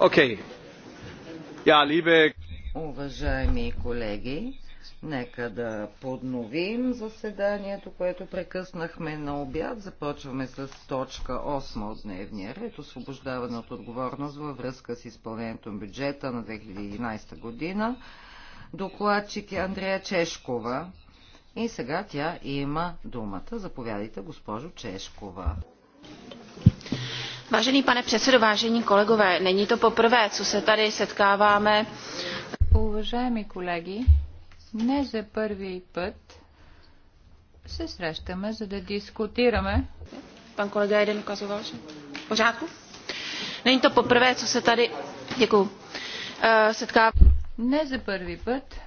Okay. Yeah, Уважаеми колеги, нека да подновим заседанието, което прекъснахме на обяд. Започваме с точка 8 от дневния ред, освобождаване от отговорност във връзка с изпълнението на бюджета на 2011 година. Докладчик е Андрея Чешкова. И сега тя има думата. Заповядайте, госпожо Чешкова. Vážený pane předsedo, vážení kolegové, není to poprvé, co se tady setkáváme. Уважаеми колеги, не за първи път се срещаме, за да дискутираме. Пан колега Еден указувал, že? Pořádku? Není to poprvé, co se tady... Děkuju. Setkáváme. Не за първи път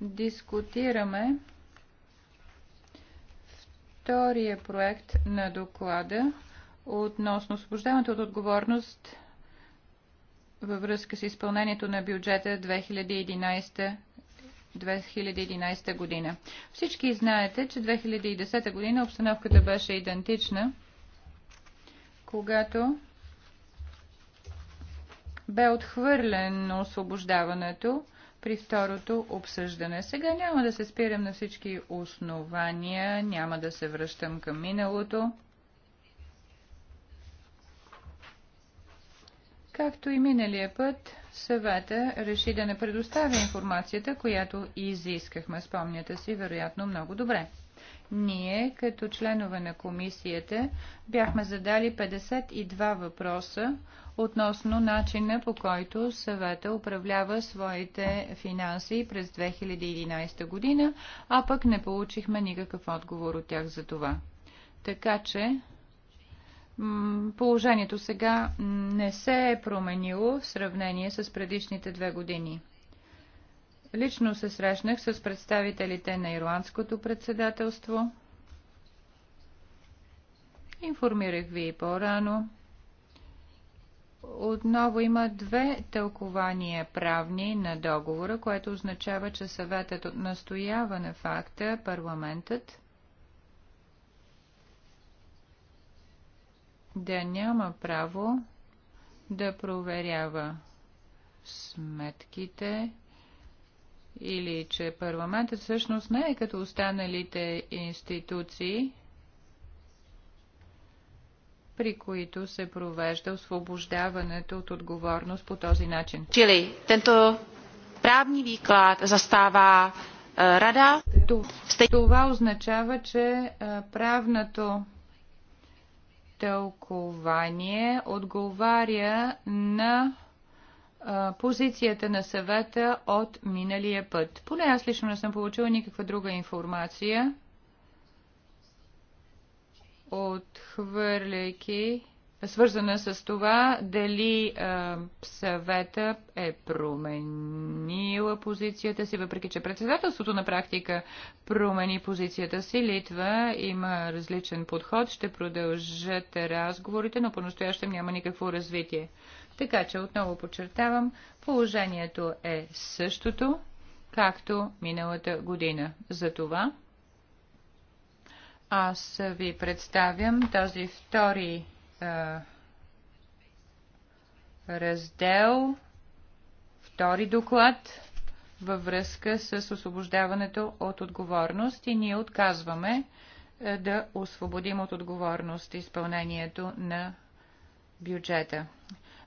дискутираме втория проект на доклада относно освобождаването от отговорност във връзка с изпълнението на бюджета 2011 2011 година. Всички знаете, че 2010 година обстановката беше идентична, когато бе отхвърлено освобождаването при второто обсъждане. Сега няма да се спирам на всички основания, няма да се връщам към миналото. Както и миналия път, съвета реши да не предоставя информацията, която изискахме, спомняте си, вероятно много добре. Ние, като членове на комисията, бяхме задали 52 въпроса относно начина по който съвета управлява своите финанси през 2011 година, а пък не получихме никакъв отговор от тях за това. Така че положението сега не се е променило в сравнение с предишните две години. Лично се срещнах с представителите на Ирландското председателство. Информирах ви и по-рано. Отново има две тълкования правни на договора, което означава, че съветът настоява на факта парламентът да няма право да проверява сметките или че парламентът всъщност не е като останалите институции, при които се провежда освобождаването от отговорност по този начин. Чили, тento právní výklad zastává Рада. Eh, Това означава, че eh, правното тълкование отговаря на а, позицията на съвета от миналия път. Поне аз лично не съм получила никаква друга информация, отхвърляйки свързана с това дали а, съвета е променила позицията си, въпреки че председателството на практика промени позицията си. Литва има различен подход, ще продължат разговорите, но по-настоящем няма никакво развитие. Така че отново подчертавам, положението е същото, както миналата година. За това аз ви представям този втори раздел, втори доклад във връзка с освобождаването от отговорност и ние отказваме да освободим от отговорност изпълнението на бюджета.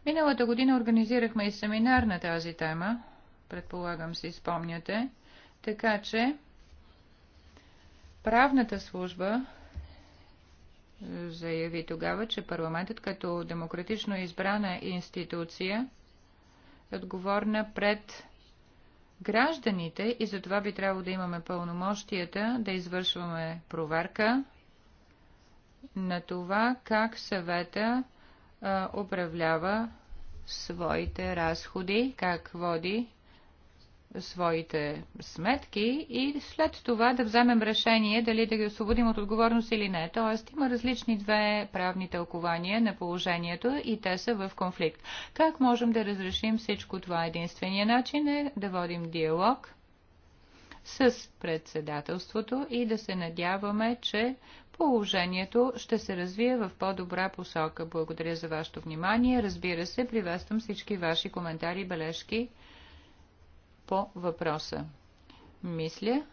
Миналата година организирахме и семинар на тази тема, предполагам си спомняте, така че правната служба заяви тогава, че парламентът като демократично избрана институция е отговорна пред гражданите и за това би трябвало да имаме пълномощията да извършваме проверка на това как съвета управлява своите разходи, как води своите сметки и след това да вземем решение дали да ги освободим от отговорност или не. Тоест има различни две правни тълкования на положението и те са в конфликт. Как можем да разрешим всичко това? Единствения начин е да водим диалог с председателството и да се надяваме, че положението ще се развие в по-добра посока. Благодаря за вашето внимание. Разбира се, приветствам всички ваши коментари и бележки по въпроса. Мисля,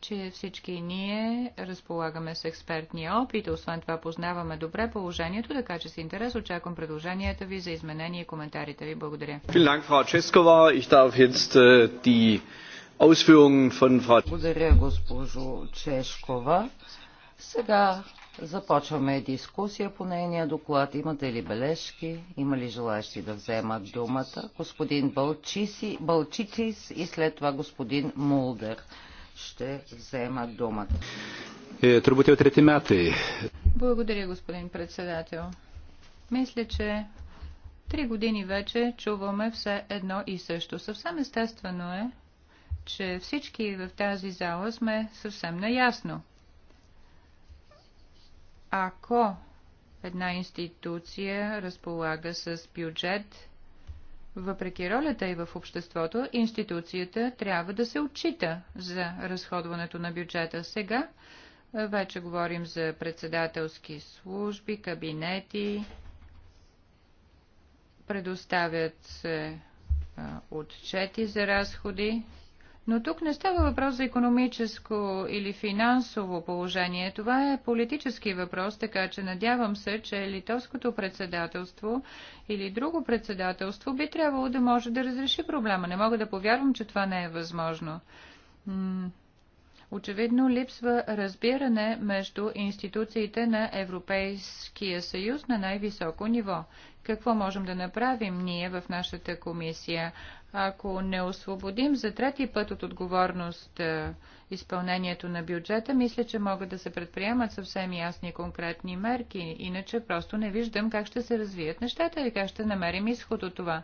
че всички ние разполагаме с експертния опит, освен това познаваме добре положението, така че с интерес очаквам предложенията ви за изменения и коментарите ви. Благодаря. Äh, Благодаря, госпожо Чешкова. Сега Започваме дискусия по нейния доклад. Имате ли бележки? Има ли желаящи да вземат думата? Господин Балчиси, Балчицис и след това господин Мулдер ще вземат думата. Е, Трубате от трети мяти. Благодаря, господин председател. Мисля, че три години вече чуваме все едно и също. Съвсем естествено е, че всички в тази зала сме съвсем наясно – ако една институция разполага с бюджет, въпреки ролята и в обществото, институцията трябва да се отчита за разходването на бюджета. Сега вече говорим за председателски служби, кабинети, предоставят се отчети за разходи но тук не става въпрос за економическо или финансово положение. Това е политически въпрос, така че надявам се, че литовското председателство или друго председателство би трябвало да може да разреши проблема. Не мога да повярвам, че това не е възможно. Очевидно липсва разбиране между институциите на Европейския съюз на най-високо ниво какво можем да направим ние в нашата комисия, ако не освободим за трети път от отговорност е, изпълнението на бюджета, мисля, че могат да се предприемат съвсем ясни конкретни мерки. Иначе просто не виждам как ще се развият нещата и как ще намерим изход от това.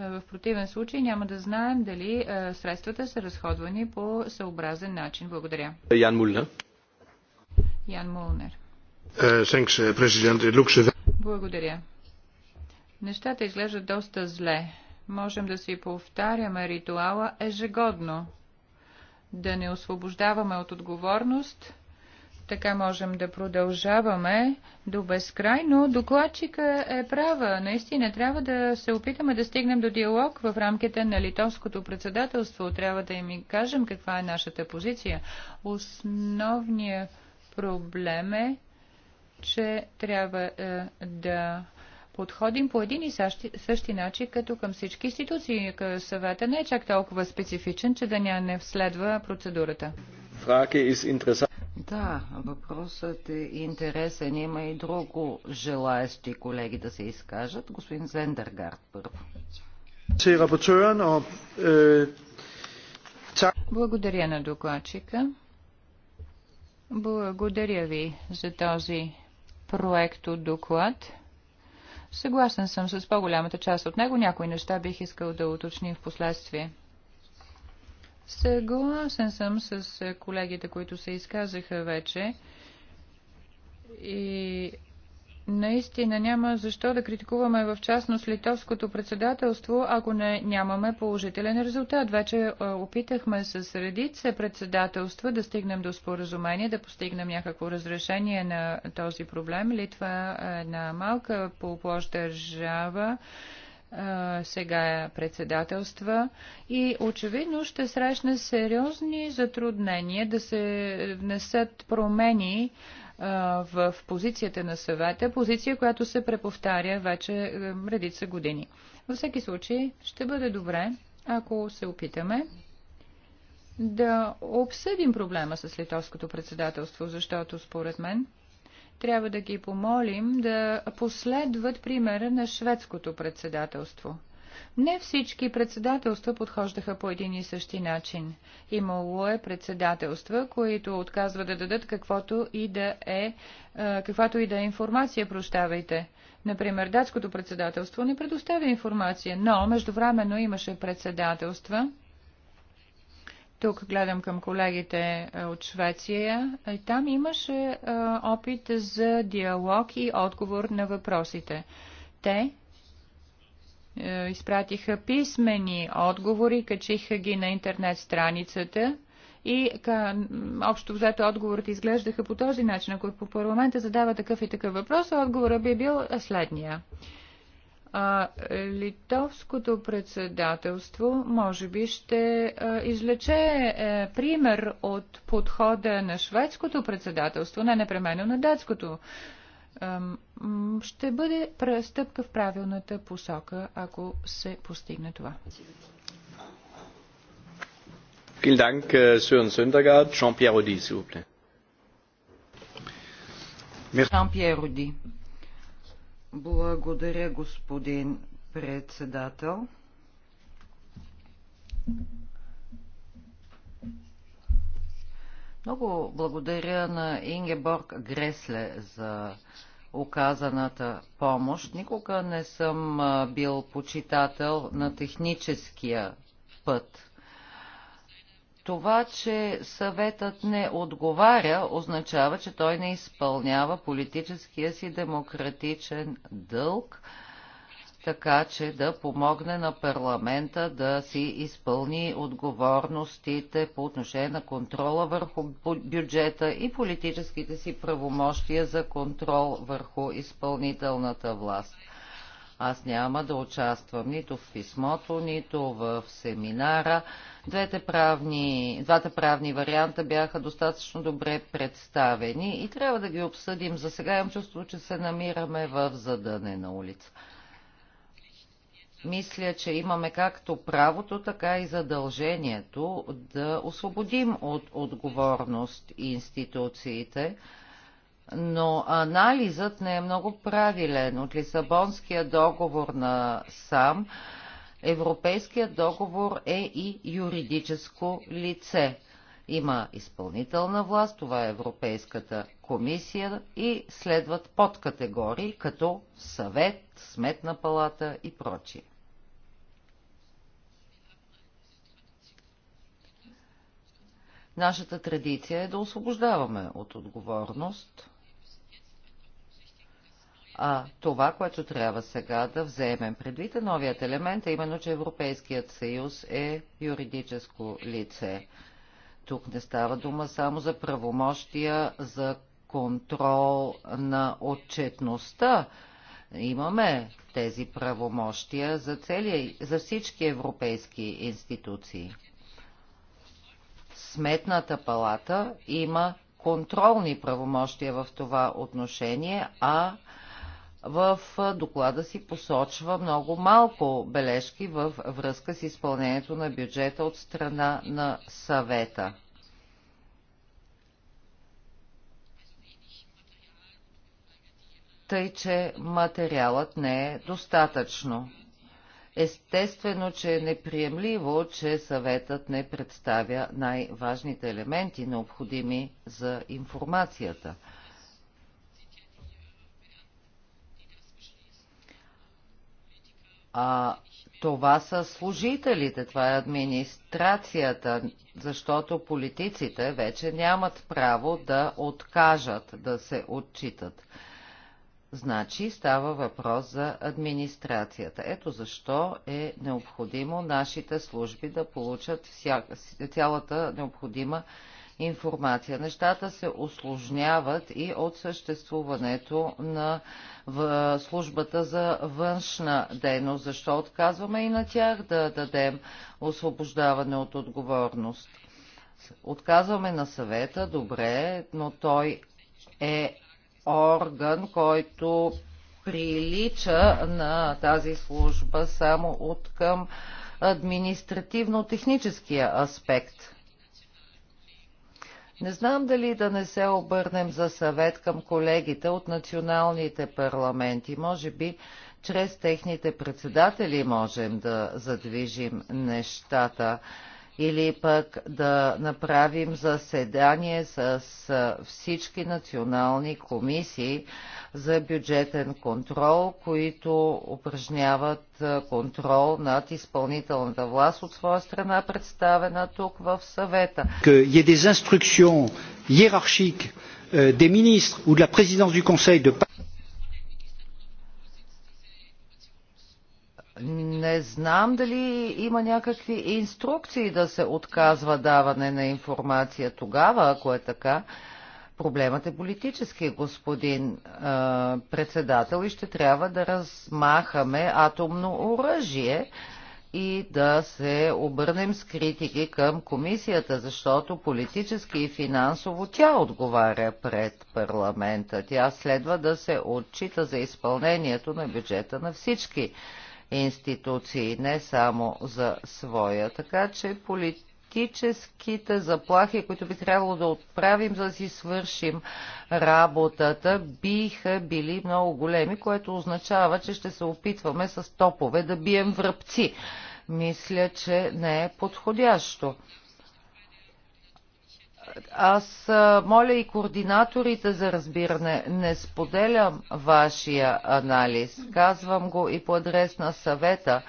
Е, в противен случай няма да знаем дали е, средствата са разходвани по съобразен начин. Благодаря. Ян Мулнер. Ян Мулнер. Благодаря. Нещата изглеждат доста зле. Можем да си повтаряме ритуала ежегодно. Да не освобождаваме от отговорност. Така можем да продължаваме до безкрайно. Докладчика е права. Наистина трябва да се опитаме да стигнем до диалог в рамките на литовското председателство. Трябва да им кажем каква е нашата позиция. Основният проблем е, че трябва е, да подходим по един и същи, същи начин, като към всички институции. Съвета не е чак толкова специфичен, че да ня не следва процедурата. Да, въпросът е интересен. Има и друго желаящи колеги да се изкажат. Господин Зендергард първо. Øh, Благодаря на докладчика. Благодаря ви за този проект от доклад. Съгласен съм с по-голямата част от него. Някои неща бих искал да уточним в последствие. Съгласен съм с е, колегите, които се изказаха вече. И наистина няма защо да критикуваме в частност литовското председателство, ако не нямаме положителен резултат. Вече е, опитахме с редица председателства да стигнем до споразумение, да постигнем някакво разрешение на този проблем. Литва е една малка по държава е, сега е председателства и очевидно ще срещне сериозни затруднения да се внесат промени в позицията на съвета, позиция, която се преповтаря вече е, редица години. Във всеки случай ще бъде добре, ако се опитаме да обсъдим проблема с литовското председателство, защото според мен трябва да ги помолим да последват примера на шведското председателство – не всички председателства подхождаха по един и същи начин. Имало е председателства, които отказва да дадат каквото и да е, е, каквато и да е информация, прощавайте. Например, датското председателство не предоставя информация, но междувременно имаше председателства, тук гледам към колегите е, от Швеция. Е, там имаше опит за диалог и отговор на въпросите. Те е, изпратиха писмени отговори, качиха ги на интернет страницата и ка, общо взето отговорите изглеждаха по този начин. Ако по парламента задава такъв и такъв въпрос, отговорът би бил следния. А, литовското председателство може би ще а, излече е, пример от подхода на шведското председателство, не непременно на датското ще бъде престъпка в правилната посока, ако се постигне това. Äh, благодаря, господин председател. Много благодаря на Ингеборг Гресле за оказаната помощ. Никога не съм бил почитател на техническия път. Това, че съветът не отговаря, означава, че той не изпълнява политическия си демократичен дълг – така че да помогне на парламента да си изпълни отговорностите по отношение на контрола върху бюджета и политическите си правомощия за контрол върху изпълнителната власт. Аз няма да участвам нито в писмото, нито в семинара. Двете правни, двата правни варианта бяха достатъчно добре представени и трябва да ги обсъдим. За сега имам чувство, че се намираме в задънена улица мисля, че имаме както правото, така и задължението да освободим от отговорност институциите, но анализът не е много правилен. От Лисабонския договор на сам, Европейският договор е и юридическо лице. Има изпълнителна власт, това е Европейската комисия и следват подкатегории, като съвет, сметна палата и прочие. Нашата традиция е да освобождаваме от отговорност, а това, което трябва сега да вземем предвид е новият елемент, е именно, че Европейският съюз е юридическо лице. Тук не става дума само за правомощия, за контрол на отчетността. Имаме тези правомощия за, цели, за всички европейски институции. Сметната палата има контролни правомощия в това отношение, а в доклада си посочва много малко бележки в връзка с изпълнението на бюджета от страна на съвета. Тъй, че материалът не е достатъчно Естествено, че е неприемливо, че съветът не представя най-важните елементи, необходими за информацията. А това са служителите, това е администрацията, защото политиците вече нямат право да откажат да се отчитат. Значи става въпрос за администрацията. Ето защо е необходимо нашите служби да получат вся, цялата необходима информация. Нещата се осложняват и от съществуването на в службата за външна дейност. Защо отказваме и на тях да дадем освобождаване от отговорност? Отказваме на съвета, добре, но той е орган, който прилича на тази служба само от към административно-техническия аспект. Не знам дали да не се обърнем за съвет към колегите от националните парламенти. Може би чрез техните председатели можем да задвижим нещата или пък да направим заседание с всички национални комисии за бюджетен контрол, които упражняват контрол над изпълнителната власт от своя страна, представена тук в съвета. Il y ait des instructions hiérarchiques euh, des ministres ou de Не знам дали има някакви инструкции да се отказва даване на информация тогава, ако е така. Проблемът е политически, господин е, председател, и ще трябва да размахаме атомно оръжие и да се обърнем с критики към комисията, защото политически и финансово тя отговаря пред парламента. Тя следва да се отчита за изпълнението на бюджета на всички институции, не само за своя. Така че политическите заплахи, които би трябвало да отправим, за да си свършим работата, биха били много големи, което означава, че ще се опитваме с топове да бием връбци. Мисля, че не е подходящо аз моля и координаторите за разбиране. Не споделям вашия анализ. Казвам го и по адрес на съвета.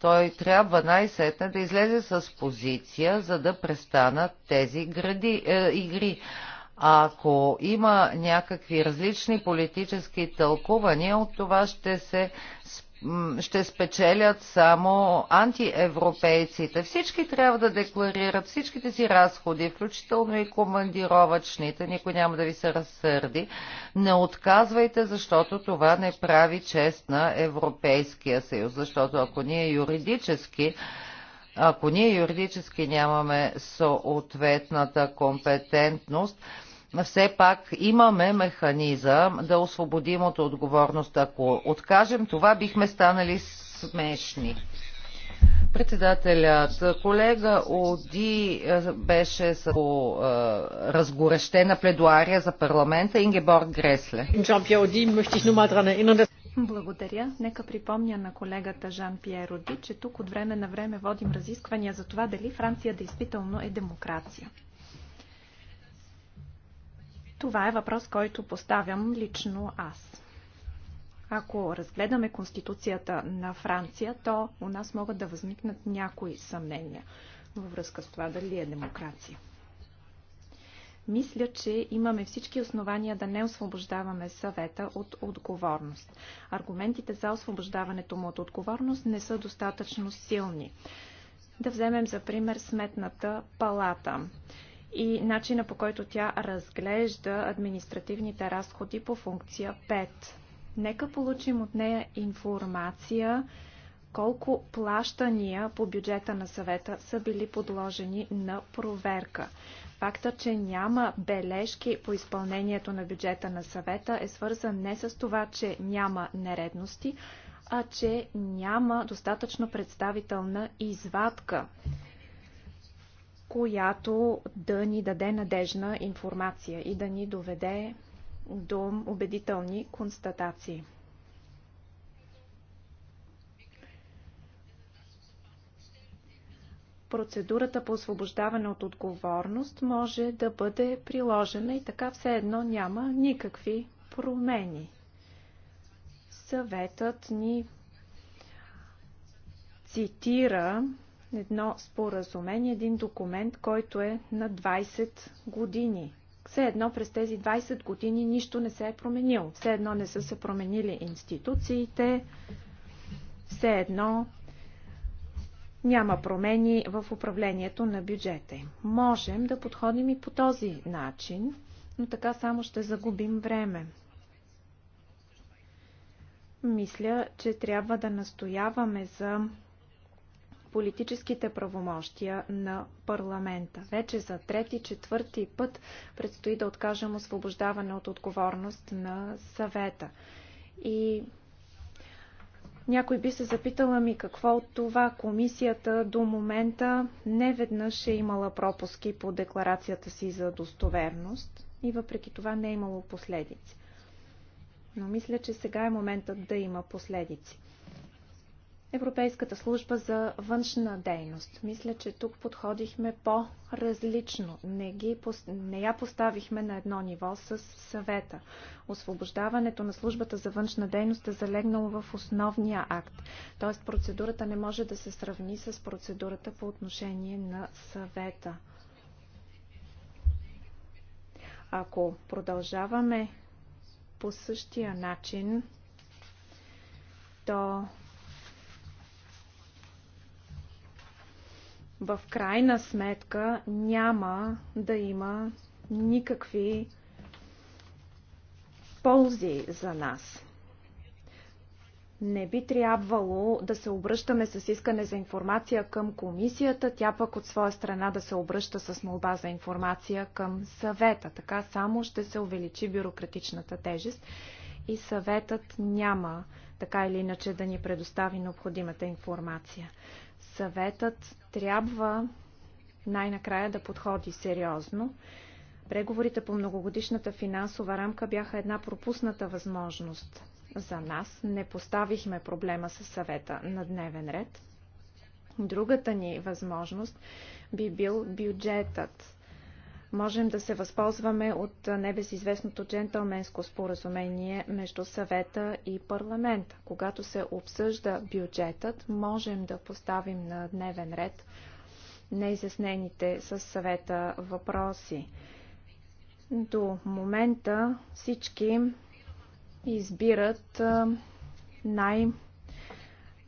Той трябва най-сетне да излезе с позиция, за да престанат тези гради, е, игри. Ако има някакви различни политически тълкувания, от това ще се спи ще спечелят само антиевропейците. Всички трябва да декларират всичките си разходи, включително и командировачните. Никой няма да ви се разсърди. Не отказвайте, защото това не прави чест на Европейския съюз. Защото ако ние юридически ако ние юридически нямаме съответната компетентност, все пак имаме механизъм да освободим от отговорност. Ако откажем това, бихме станали смешни. Председателят, колега Оди е, беше с е, разгорещена пледуария за парламента Ингеборг Гресле. Благодаря. Нека припомня на колегата Жан Пьер Оди, че тук от време на време водим разисквания за това дали Франция действително е демокрация. Това е въпрос, който поставям лично аз. Ако разгледаме Конституцията на Франция, то у нас могат да възникнат някои съмнения във връзка с това дали е демокрация. Мисля, че имаме всички основания да не освобождаваме съвета от отговорност. Аргументите за освобождаването му от отговорност не са достатъчно силни. Да вземем за пример сметната палата и начина по който тя разглежда административните разходи по функция 5. Нека получим от нея информация колко плащания по бюджета на съвета са били подложени на проверка. Факта, че няма бележки по изпълнението на бюджета на съвета е свързан не с това, че няма нередности, а че няма достатъчно представителна извадка която да ни даде надежна информация и да ни доведе до убедителни констатации. процедурата по освобождаване от отговорност може да бъде приложена и така все едно няма никакви промени. Съветът ни цитира едно споразумение, един документ, който е на 20 години. Все едно през тези 20 години нищо не се е променило. Все едно не са се променили институциите. Все едно няма промени в управлението на бюджета Можем да подходим и по този начин, но така само ще загубим време. Мисля, че трябва да настояваме за политическите правомощия на парламента. Вече за трети, четвърти път предстои да откажем освобождаване от отговорност на съвета. И някой би се запитала ми какво от това комисията до момента не веднъж е имала пропуски по декларацията си за достоверност и въпреки това не е имало последици. Но мисля, че сега е моментът да има последици. Европейската служба за външна дейност. Мисля, че тук подходихме по-различно. Не, ги, не я поставихме на едно ниво с съвета. Освобождаването на службата за външна дейност е залегнало в основния акт. Тоест процедурата не може да се сравни с процедурата по отношение на съвета. Ако продължаваме по същия начин, то в крайна сметка няма да има никакви ползи за нас. Не би трябвало да се обръщаме с искане за информация към комисията, тя пък от своя страна да се обръща с молба за информация към съвета. Така само ще се увеличи бюрократичната тежест и съветът няма така или иначе да ни предостави необходимата информация. Съветът трябва най-накрая да подходи сериозно. Преговорите по многогодишната финансова рамка бяха една пропусната възможност за нас. Не поставихме проблема с съвета на дневен ред. Другата ни възможност би бил бюджетът можем да се възползваме от небезизвестното джентълменско споразумение между съвета и парламента. Когато се обсъжда бюджетът, можем да поставим на дневен ред неизяснените с съвета въпроси. До момента всички избират най-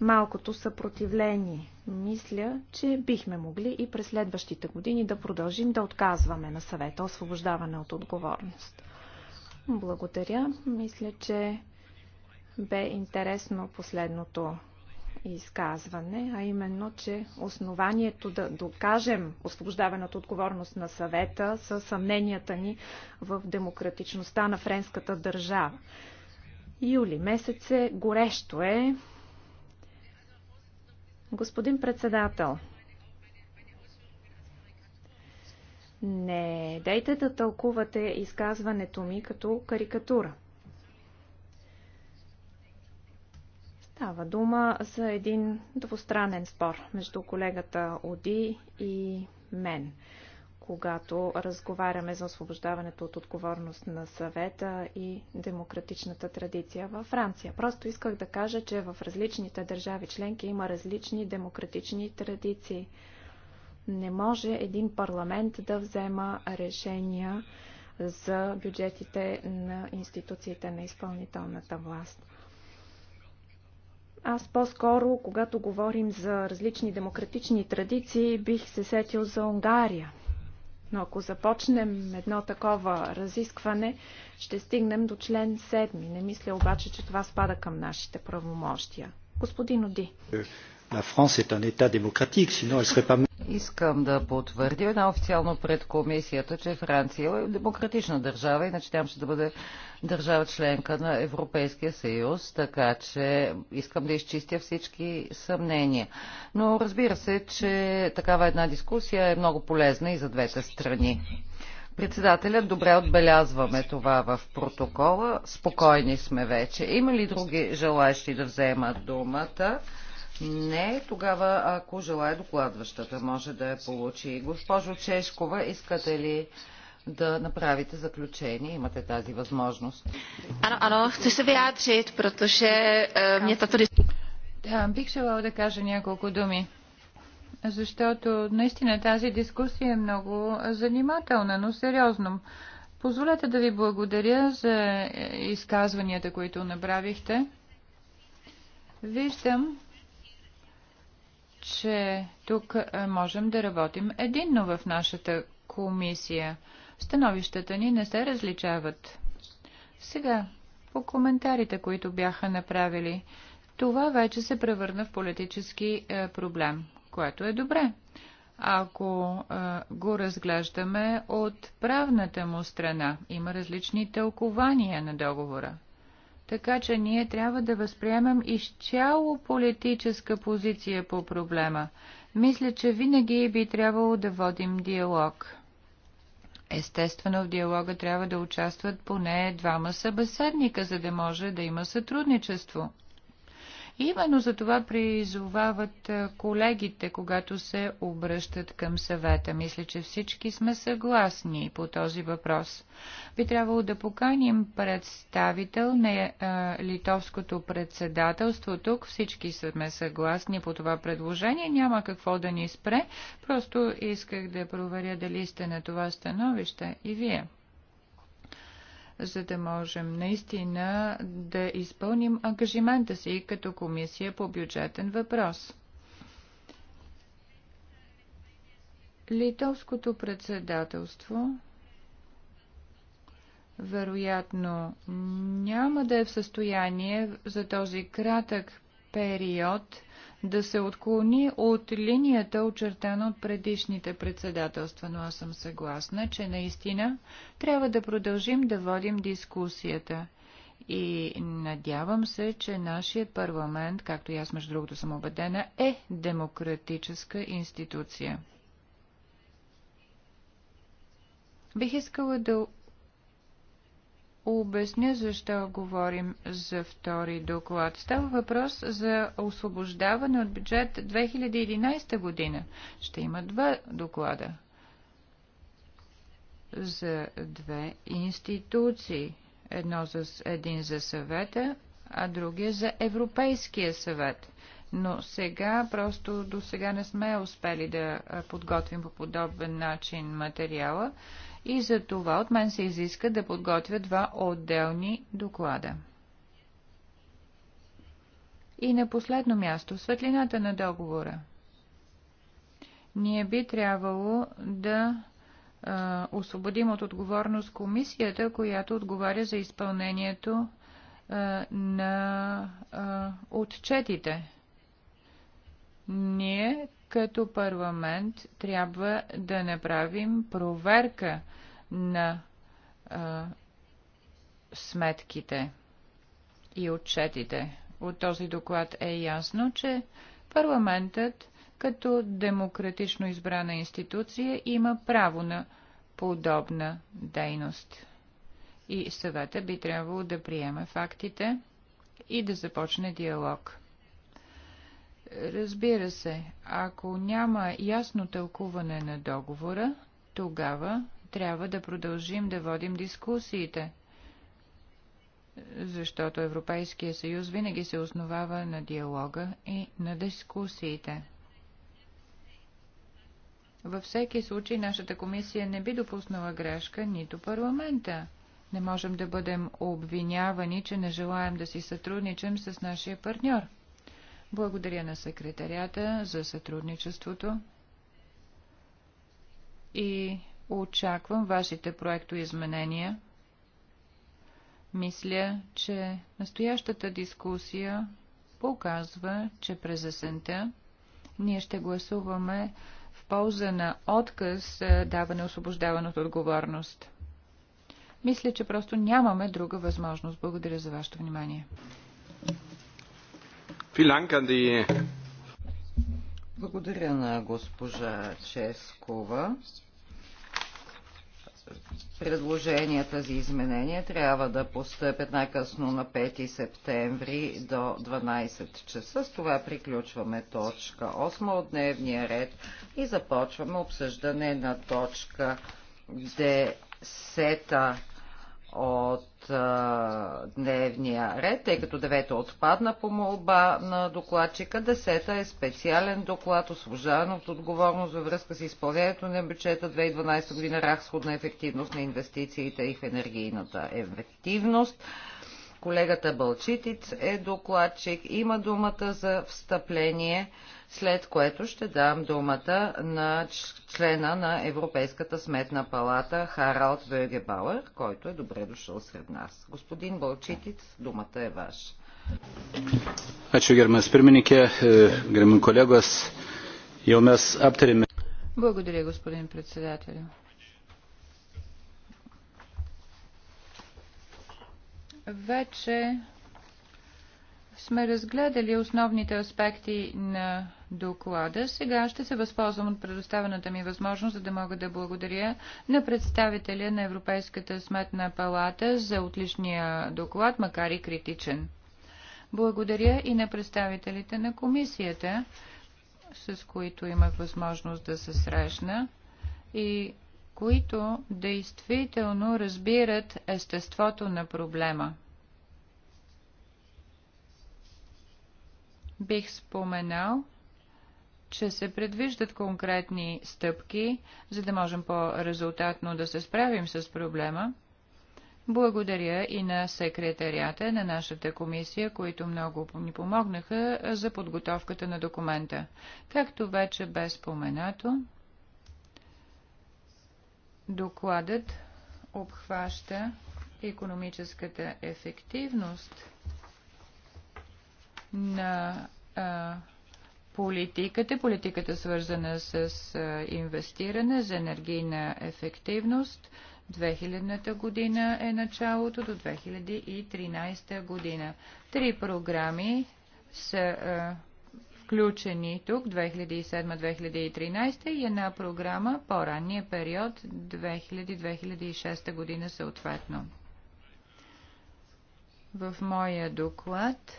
малкото съпротивление мисля, че бихме могли и през следващите години да продължим да отказваме на съвета освобождаване от отговорност. Благодаря. Мисля, че бе интересно последното изказване, а именно, че основанието да докажем освобождаваната отговорност на съвета са съмненията ни в демократичността на френската държава. Юли месец е горещо е, Господин председател, не дайте да тълкувате изказването ми като карикатура. Става дума за един двустранен спор между колегата Оди и мен когато разговаряме за освобождаването от отговорност на съвета и демократичната традиция във Франция. Просто исках да кажа, че в различните държави членки има различни демократични традиции. Не може един парламент да взема решения за бюджетите на институциите на изпълнителната власт. Аз по-скоро, когато говорим за различни демократични традиции, бих се сетил за Унгария. Но ако започнем едно такова разискване, ще стигнем до член 7. Не мисля обаче, че това спада към нашите правомощия. Господин Оди. La France est un État démocratique, sinon elle serait pas... Искам да потвърдя една официално пред комисията, че Франция е демократична държава, иначе тя ще да бъде държава членка на Европейския съюз, така че искам да изчистя всички съмнения. Но разбира се, че такава една дискусия е много полезна и за двете страни. Председателят, добре отбелязваме това в протокола. Спокойни сме вече. Има ли други желаящи да вземат думата? Не, тогава, ако желая докладващата, може да я получи. Госпожо Чешкова, искате ли да направите заключение? Имате тази възможност. Ано, ано, ще се вядрит, протоше ми тато... Да, бих желала да кажа няколко думи. Защото наистина тази дискусия е много занимателна, но сериозно. Позволете да ви благодаря за изказванията, които направихте. Виждам, че тук е, можем да работим единно в нашата комисия. Становищата ни не се различават. Сега, по коментарите, които бяха направили, това вече се превърна в политически е, проблем, което е добре, ако е, го разглеждаме от правната му страна. Има различни тълкования на договора. Така че ние трябва да възприемем изцяло политическа позиция по проблема. Мисля, че винаги би трябвало да водим диалог. Естествено, в диалога трябва да участват поне двама събеседника, за да може да има сътрудничество. И именно за това призовават колегите, когато се обръщат към съвета. Мисля, че всички сме съгласни по този въпрос. Би трябвало да поканим представител на литовското председателство. Тук всички сме съгласни по това предложение. Няма какво да ни спре. Просто исках да проверя дали сте на това становище и вие за да можем наистина да изпълним ангажимента си като комисия по бюджетен въпрос. Литовското председателство вероятно няма да е в състояние за този кратък период да се отклони от линията, очертана от предишните председателства, но аз съм съгласна, че наистина трябва да продължим да водим дискусията. И надявам се, че нашият парламент, както и аз между другото съм убедена, е демократическа институция. Бих искала да обясня защо говорим за втори доклад. Става въпрос за освобождаване от бюджет 2011 година. Ще има два доклада за две институции. Едно за, един за съвета, а другия за Европейския съвет. Но сега, просто до сега не сме успели да подготвим по подобен начин материала и за това от мен се изиска да подготвя два отделни доклада. И на последно място, светлината на договора. Ние би трябвало да а, освободим от отговорност комисията, която отговаря за изпълнението а, на а, отчетите. Ние като парламент трябва да направим проверка на а, сметките и отчетите. От този доклад е ясно, че парламентът като демократично избрана институция има право на подобна дейност. И съвета би трябвало да приеме фактите и да започне диалог. Разбира се, ако няма ясно тълкуване на договора, тогава трябва да продължим да водим дискусиите, защото Европейския съюз винаги се основава на диалога и на дискусиите. Във всеки случай нашата комисия не би допуснала грешка, нито парламента. Не можем да бъдем обвинявани, че не желаем да си сътрудничам с нашия партньор – благодаря на секретарята за сътрудничеството и очаквам вашите проектоизменения. Мисля, че настоящата дискусия показва, че през есента ние ще гласуваме в полза на отказ е, даване освобождаване от отговорност. Мисля, че просто нямаме друга възможност. Благодаря за вашето внимание. Благодаря на госпожа Ческова. Предложенията за изменения трябва да постъпят най-късно на 5 септември до 12 часа. С това приключваме точка 8 от дневния ред и започваме обсъждане на точка 10 от а, дневния ред, тъй като девета отпадна по молба на докладчика. Десета е специален доклад, освобождаван от отговорност във връзка с изпълнението на бюджета 2012 година, разходна ефективност на инвестициите и в енергийната ефективност. Колегата Бълчитиц е докладчик. Има думата за встъпление след което ще дам думата на члена на Европейската сметна палата Харалд Бюгебауер, който е добре дошъл сред нас. Господин Балчитиц, думата е ваша. Ачу, герман pirmininkė, герман e, колегос, jau mes Благодаря, господин председател. Вече сме разгледали основните аспекти на доклада. Сега ще се възползвам от предоставената ми възможност, за да мога да благодаря на представителя на Европейската сметна палата за отличния доклад, макар и критичен. Благодаря и на представителите на комисията, с които имах възможност да се срещна и които действително разбират естеството на проблема. бих споменал, че се предвиждат конкретни стъпки, за да можем по-резултатно да се справим с проблема. Благодаря и на секретарията на нашата комисия, които много ни помогнаха за подготовката на документа. Както вече бе споменато, докладът обхваща економическата ефективност на а, политиката, политиката свързана с а, инвестиране за енергийна ефективност. 2000-та година е началото до 2013 година. Три програми са а, включени тук 2007-2013 и една програма по-ранния период 2000-2006 година съответно. В моя доклад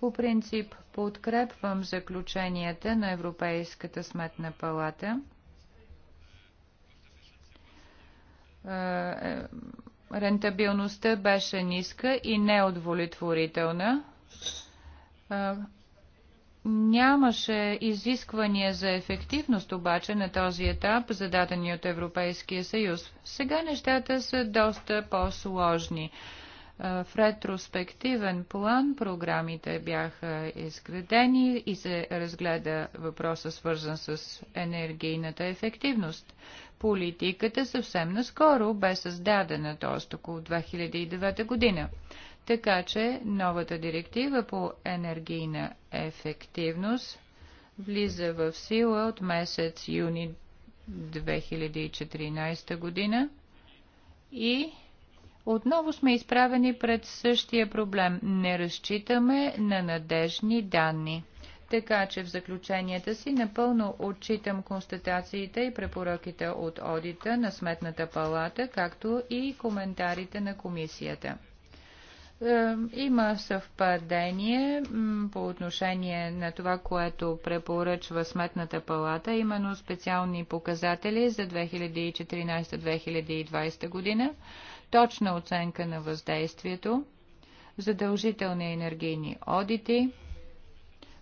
по принцип подкрепвам заключенията на Европейската сметна палата. Е, е, рентабилността беше ниска и неудовлетворителна. Е, нямаше изисквания за ефективност обаче на този етап, зададени от Европейския съюз. Сега нещата са доста по-сложни. В ретроспективен план програмите бяха изградени и се разгледа въпроса свързан с енергийната ефективност. Политиката съвсем наскоро бе създадена, т.е. около 2009 година. Така че новата директива по енергийна ефективност влиза в сила от месец юни 2014 година и отново сме изправени пред същия проблем. Не разчитаме на надежни данни. Така че в заключенията си напълно отчитам констатациите и препоръките от одита на Сметната палата, както и коментарите на комисията. Има съвпадение по отношение на това, което препоръчва Сметната палата, именно специални показатели за 2014-2020 година точна оценка на въздействието, задължителни енергийни одити,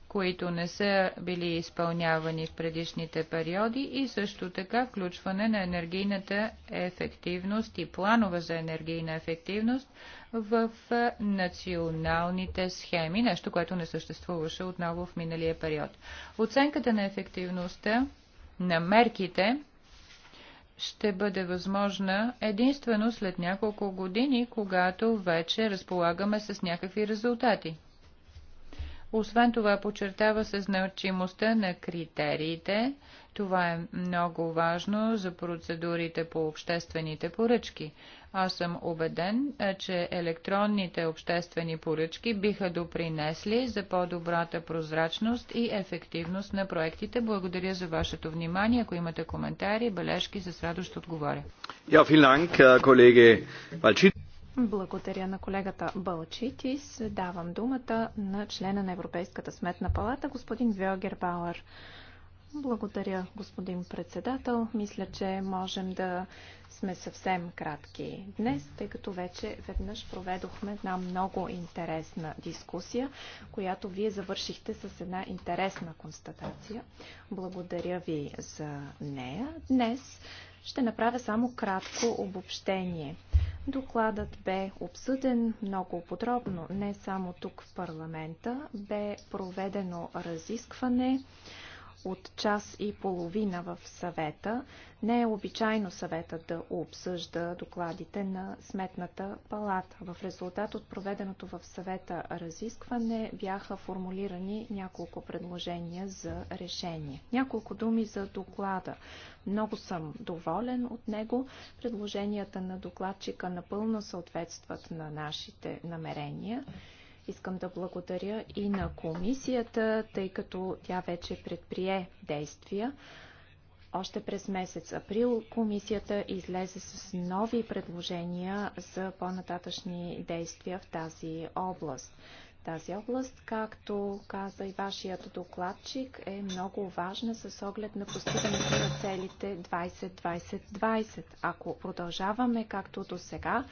които не са били изпълнявани в предишните периоди и също така включване на енергийната ефективност и планове за енергийна ефективност в националните схеми, нещо, което не съществуваше отново в миналия период. Оценката на ефективността на мерките ще бъде възможна единствено след няколко години, когато вече разполагаме с някакви резултати. Освен това, подчертава се значимостта на критериите. Това е много важно за процедурите по обществените поръчки. Аз съм убеден, че електронните обществени поръчки биха допринесли за по-добрата прозрачност и ефективност на проектите. Благодаря за вашето внимание. Ако имате коментари, бележки, с радост отговоря. Ja, vielen Dank, Kollege Balcic. Благодаря на колегата Балчитис. Давам думата на члена на Европейската сметна палата, господин Вьогер Бауър. Благодаря, господин председател. Мисля, че можем да сме съвсем кратки днес, тъй като вече веднъж проведохме една много интересна дискусия, която вие завършихте с една интересна констатация. Благодаря ви за нея. Днес ще направя само кратко обобщение. Докладът бе обсъден много подробно, не само тук в парламента. Бе проведено разискване от час и половина в съвета. Не е обичайно съвета да обсъжда докладите на Сметната палата. В резултат от проведеното в съвета разискване бяха формулирани няколко предложения за решение. Няколко думи за доклада. Много съм доволен от него. Предложенията на докладчика напълно съответстват на нашите намерения. Искам да благодаря и на комисията, тъй като тя вече предприе действия. Още през месец април комисията излезе с нови предложения за по-нататъчни действия в тази област. Тази област, както каза и вашият докладчик, е много важна с оглед на постигането на целите 20-20-20. Ако продължаваме както до сега,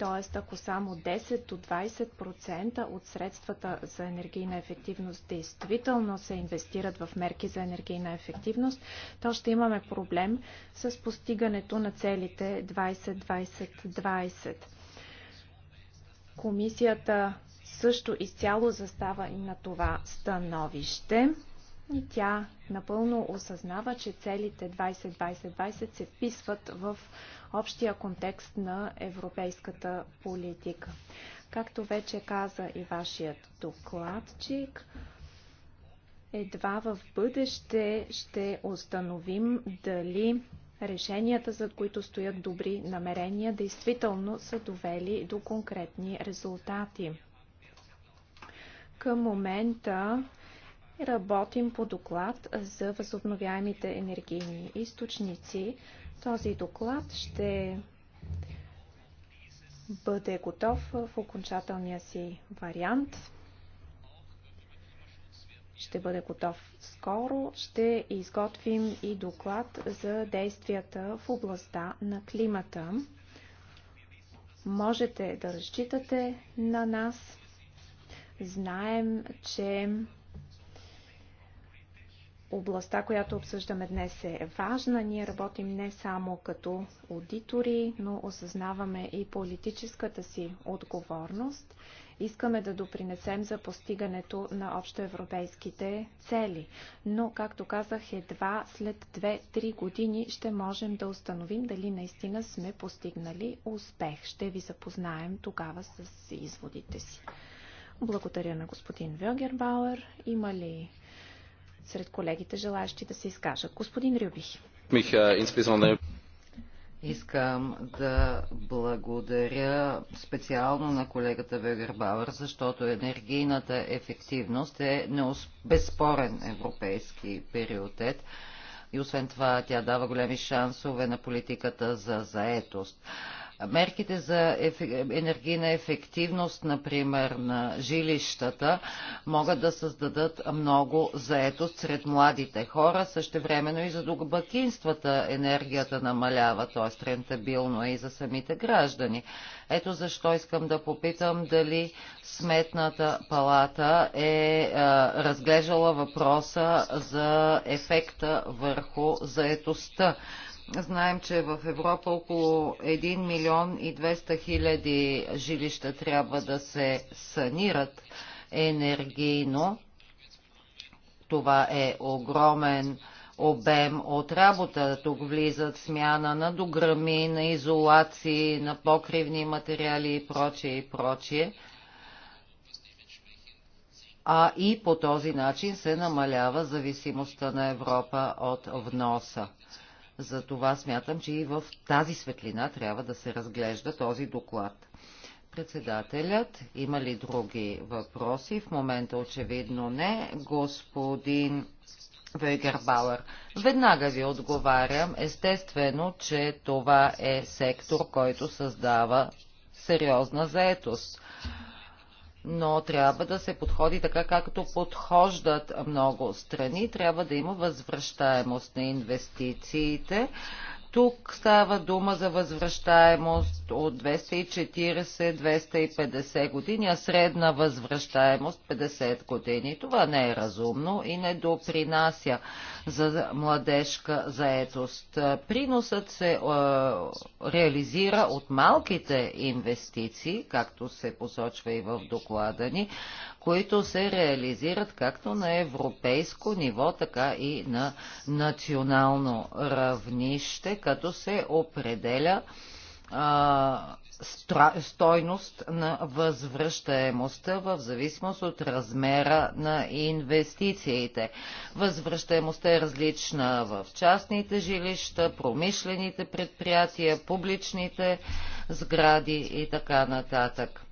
Тоест, ако само 10 до 20% от средствата за енергийна ефективност действително се инвестират в мерки за енергийна ефективност, то ще имаме проблем с постигането на целите 20-20-20. Комисията също изцяло застава и на това становище. И тя напълно осъзнава, че целите 20-20-20 се вписват в общия контекст на европейската политика. Както вече каза и вашият докладчик, едва в бъдеще ще установим дали решенията, за които стоят добри намерения, действително са довели до конкретни резултати. Към момента Работим по доклад за възобновяемите енергийни източници. Този доклад ще бъде готов в окончателния си вариант. Ще бъде готов скоро. Ще изготвим и доклад за действията в областта на климата. Можете да разчитате на нас. Знаем, че областта, която обсъждаме днес е важна. Ние работим не само като аудитори, но осъзнаваме и политическата си отговорност. Искаме да допринесем за постигането на общоевропейските цели. Но, както казах, едва след 2-3 години ще можем да установим дали наистина сме постигнали успех. Ще ви запознаем тогава с изводите си. Благодаря на господин Вьогербауер. Има ли сред колегите, желаящи да се изкажат. Господин Рюбих. Искам да благодаря специално на колегата Вегербауер, защото енергийната ефективност е безспорен европейски приоритет и освен това тя дава големи шансове на политиката за заетост мерките за енергийна ефективност, например, на жилищата, могат да създадат много заетост сред младите хора. Същевременно и за догобакинствата енергията намалява, т.е. рентабилно е и за самите граждани. Ето защо искам да попитам дали Сметната палата е, е разглеждала въпроса за ефекта върху заетостта Знаем, че в Европа около 1 милион и 200 хиляди жилища трябва да се санират енергийно. Това е огромен обем от работа. Тук влизат смяна на дограми, на изолации, на покривни материали и прочие и прочие. А и по този начин се намалява зависимостта на Европа от вноса. За това смятам, че и в тази светлина трябва да се разглежда този доклад. Председателят, има ли други въпроси? В момента очевидно не. Господин Бауер, Веднага ви отговарям. Естествено, че това е сектор, който създава сериозна заетост но трябва да се подходи така, както подхождат много страни. Трябва да има възвръщаемост на инвестициите, тук става дума за възвръщаемост от 240-250 години, а средна възвръщаемост 50 години. Това не е разумно и не допринася за младежка заетост. Приносът се е, реализира от малките инвестиции, както се посочва и в доклада ни, които се реализират както на европейско ниво, така и на национално равнище, като се определя а, стойност на възвръщаемостта в зависимост от размера на инвестициите. Възвръщаемостта е различна в частните жилища, промишлените предприятия, публичните сгради и така нататък.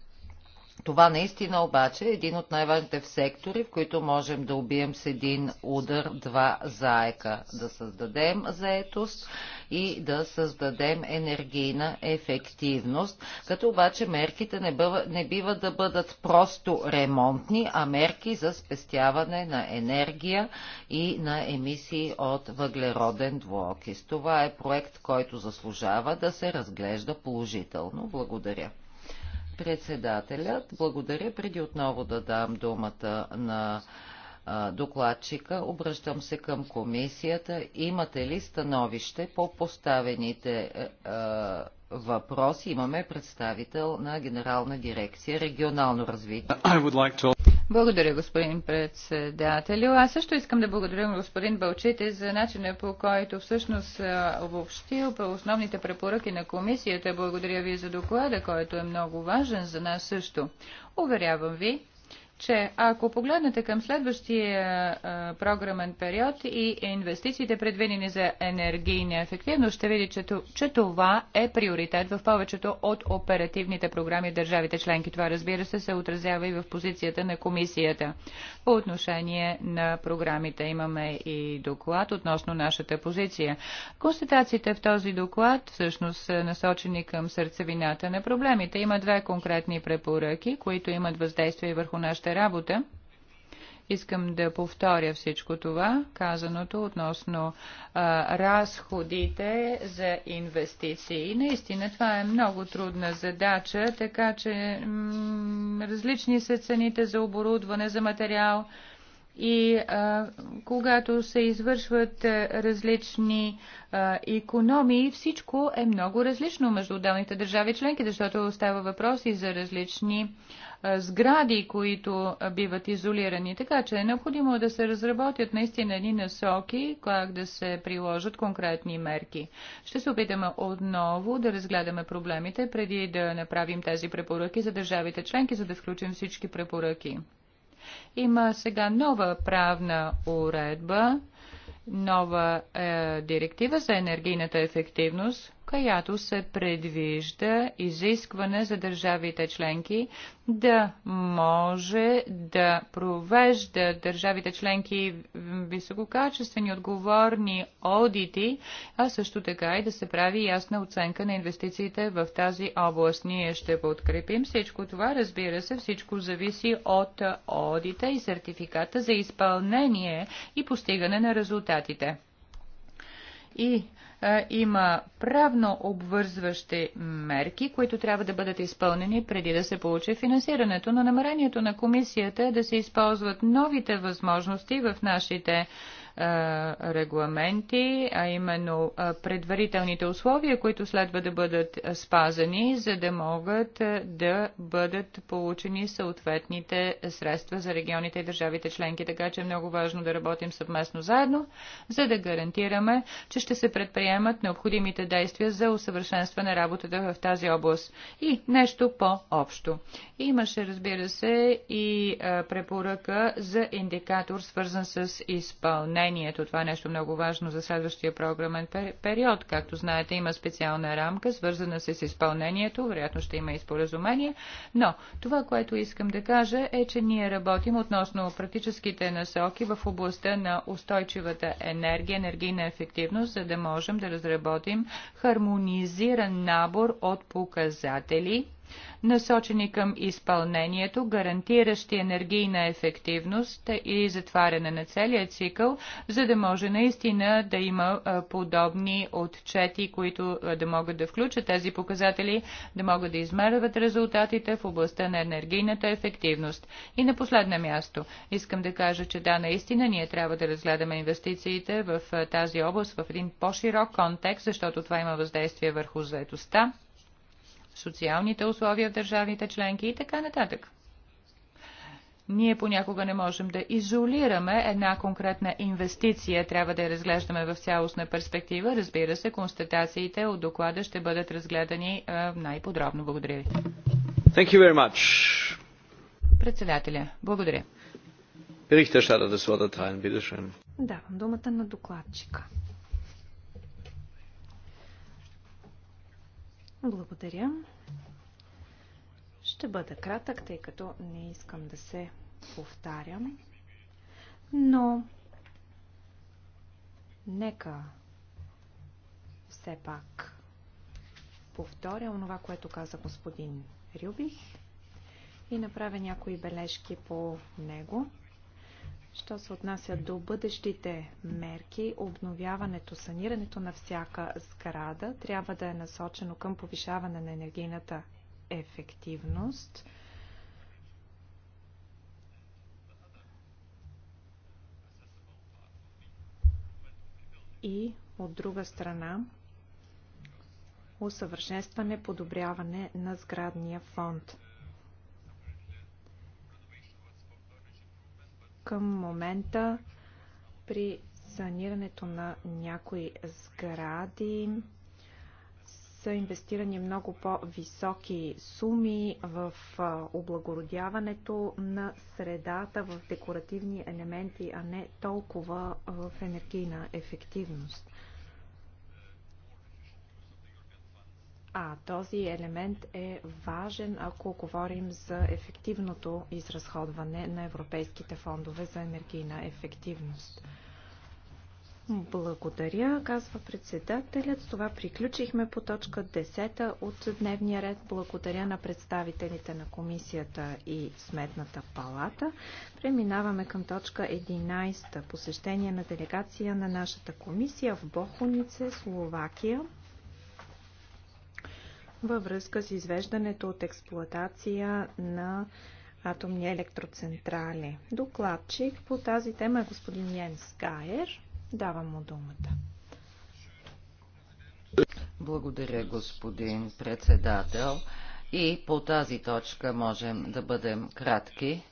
Това наистина обаче е един от най-важните сектори, в които можем да убием с един удар два заека. Да създадем заетост и да създадем енергийна ефективност, като обаче мерките не, бъва, не бива да бъдат просто ремонтни, а мерки за спестяване на енергия и на емисии от въглероден двуокис. Това е проект, който заслужава да се разглежда положително. Благодаря. Председателят, благодаря. Преди отново да дам думата на докладчика, обръщам се към комисията. Имате ли становище по поставените е, е, въпроси? Имаме представител на Генерална дирекция регионално развитие. Благодаря, господин председател. Аз също искам да благодаря господин Бълчите за начина по който всъщност обобщил по основните препоръки на комисията. Благодаря ви за доклада, който е много важен за нас също. Уверявам ви, че ако погледнете към следващия е, програмен период и инвестициите предвидени за енергийна ефективност, ще видите, че, че това е приоритет в повечето от оперативните програми държавите членки. Това разбира се се отразява и в позицията на комисията. По отношение на програмите имаме и доклад относно нашата позиция. Констатациите в този доклад всъщност са насочени към сърцевината на проблемите. Има две конкретни препоръки, които имат въздействие върху нашата неговата работа. Искам да повторя всичко това, казаното относно а, разходите за инвестиции. Наистина това е много трудна задача, така че различни са цените за оборудване, за материал и а, когато се извършват а, различни а, економии, всичко е много различно между отделните държави членки, защото става въпроси за различни е, сгради, които биват изолирани. Така че е необходимо да се разработят наистина едни насоки, как да се приложат конкретни мерки. Ще се опитаме отново да разгледаме проблемите, преди да направим тези препоръки за държавите членки, за да включим всички препоръки. Има сега нова правна уредба, нова е, директива за енергийната ефективност, която се предвижда изискване за държавите членки да може да провежда държавите членки висококачествени отговорни одити, а също така и да се прави ясна оценка на инвестициите в тази област. Ние ще подкрепим всичко това. Разбира се, всичко зависи от одита и сертификата за изпълнение и постигане на резултатите. И е, има правно обвързващи мерки, които трябва да бъдат изпълнени преди да се получи финансирането. Но намерението на комисията е да се използват новите възможности в нашите регламенти, а именно предварителните условия, които следва да бъдат спазани, за да могат да бъдат получени съответните средства за регионите и държавите членки. Така че е много важно да работим съвместно заедно, за да гарантираме, че ще се предприемат необходимите действия за усъвършенстване работата в тази област. И нещо по-общо. Имаше, разбира се, и препоръка за индикатор, свързан с изпълнение изпълнението. Това е нещо много важно за следващия програмен период. Както знаете, има специална рамка, свързана с изпълнението. Вероятно ще има и споразумение. Но това, което искам да кажа е, че ние работим относно практическите насоки в областта на устойчивата енергия, енергийна ефективност, за да можем да разработим хармонизиран набор от показатели, насочени към изпълнението, гарантиращи енергийна ефективност и затваряне на целия цикъл, за да може наистина да има подобни отчети, които да могат да включат тези показатели, да могат да измерват резултатите в областта на енергийната ефективност. И на последно място, искам да кажа, че да, наистина ние трябва да разгледаме инвестициите в тази област в един по-широк контекст, защото това има въздействие върху заедостта социалните условия в държавите членки и така нататък. Ние понякога не можем да изолираме една конкретна инвестиция, трябва да я разглеждаме в цялостна перспектива. Разбира се, констатациите от доклада ще бъдат разгледани най-подробно. Благодаря ви. Thank you very much. Председателя, благодаря. Давам думата на докладчика. Благодаря. Ще бъда кратък, тъй като не искам да се повтарям. Но нека все пак повторя онова, което каза господин Рюбих и направя някои бележки по него. Що се отнася до бъдещите мерки, обновяването, санирането на всяка сграда трябва да е насочено към повишаване на енергийната ефективност. И от друга страна, усъвършенстване, подобряване на сградния фонд. към момента при санирането на някои сгради са инвестирани много по-високи суми в облагородяването на средата в декоративни елементи, а не толкова в енергийна ефективност. А този елемент е важен, ако говорим за ефективното изразходване на европейските фондове за енергийна ефективност. Благодаря, казва председателят. С това приключихме по точка 10 от дневния ред. Благодаря на представителите на комисията и Сметната палата. Преминаваме към точка 11. Посещение на делегация на нашата комисия в Бохунице, Словакия във връзка с извеждането от експлоатация на атомни електроцентрали. Докладчик по тази тема е господин Йенс Гайер. Давам му думата. Благодаря, господин председател. И по тази точка можем да бъдем кратки,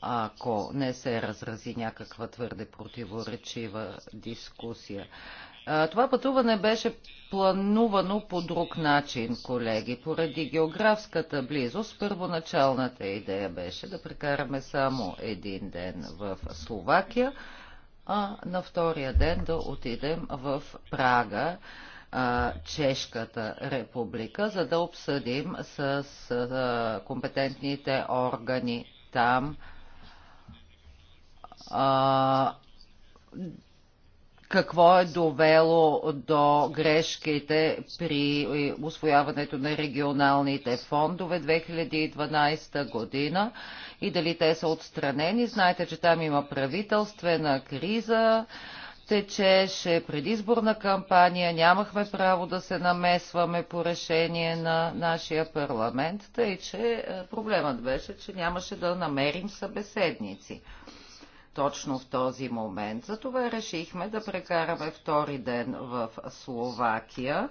ако не се разрази някаква твърде противоречива дискусия. Това пътуване беше планувано по друг начин, колеги. Поради географската близост, първоначалната идея беше да прекараме само един ден в Словакия, а на втория ден да отидем в Прага, Чешката република, за да обсъдим с компетентните органи там какво е довело до грешките при освояването на регионалните фондове 2012 година и дали те са отстранени. Знаете, че там има правителствена криза, течеше предизборна кампания, нямахме право да се намесваме по решение на нашия парламент, тъй че е, проблемът беше, че нямаше да намерим събеседници точно в този момент. Затова решихме да прекараме втори ден в Словакия.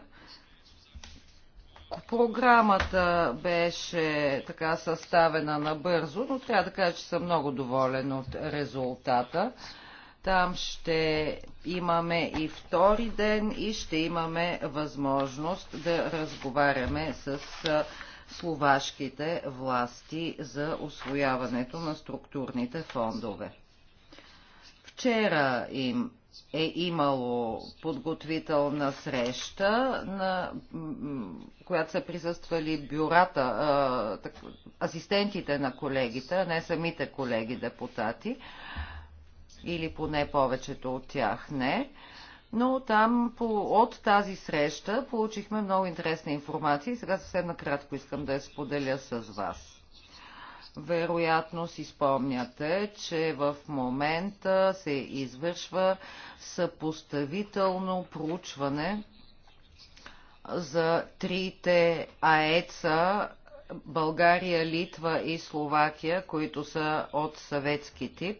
Програмата беше така съставена набързо, но трябва да кажа, че съм много доволен от резултата. Там ще имаме и втори ден и ще имаме възможност да разговаряме с словашките власти за освояването на структурните фондове. Вчера им е имало подготвителна среща, на която са присъствали бюрата, асистентите на колегите, а не самите колеги депутати, или поне повечето от тях не. Но там от тази среща получихме много интересна информация и сега съвсем накратко искам да я споделя с вас. Вероятно си спомняте, че в момента се извършва съпоставително проучване за трите АЕЦа България, Литва и Словакия, които са от съветски тип.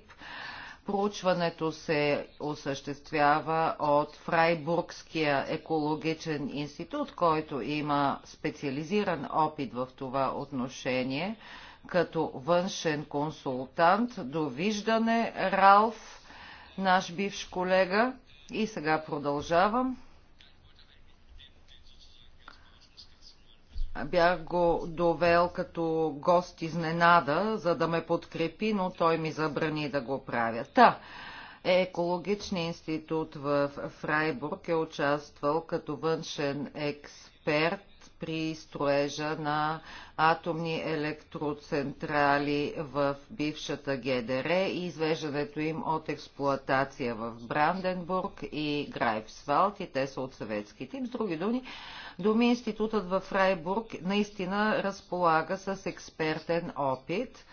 Проучването се осъществява от Фрайбургския екологичен институт, който има специализиран опит в това отношение като външен консултант. Довиждане, Ралф, наш бивш колега. И сега продължавам. Бях го довел като гост изненада, за да ме подкрепи, но той ми забрани да го правя. Та, екологичният институт в Фрайбург е участвал като външен експерт при строежа на атомни електроцентрали в бившата ГДР и извеждането им от експлоатация в Бранденбург и Грайфсвалд и те са от съветските. тип. с други думи, думи институтът в Фрайбург наистина разполага с експертен опит.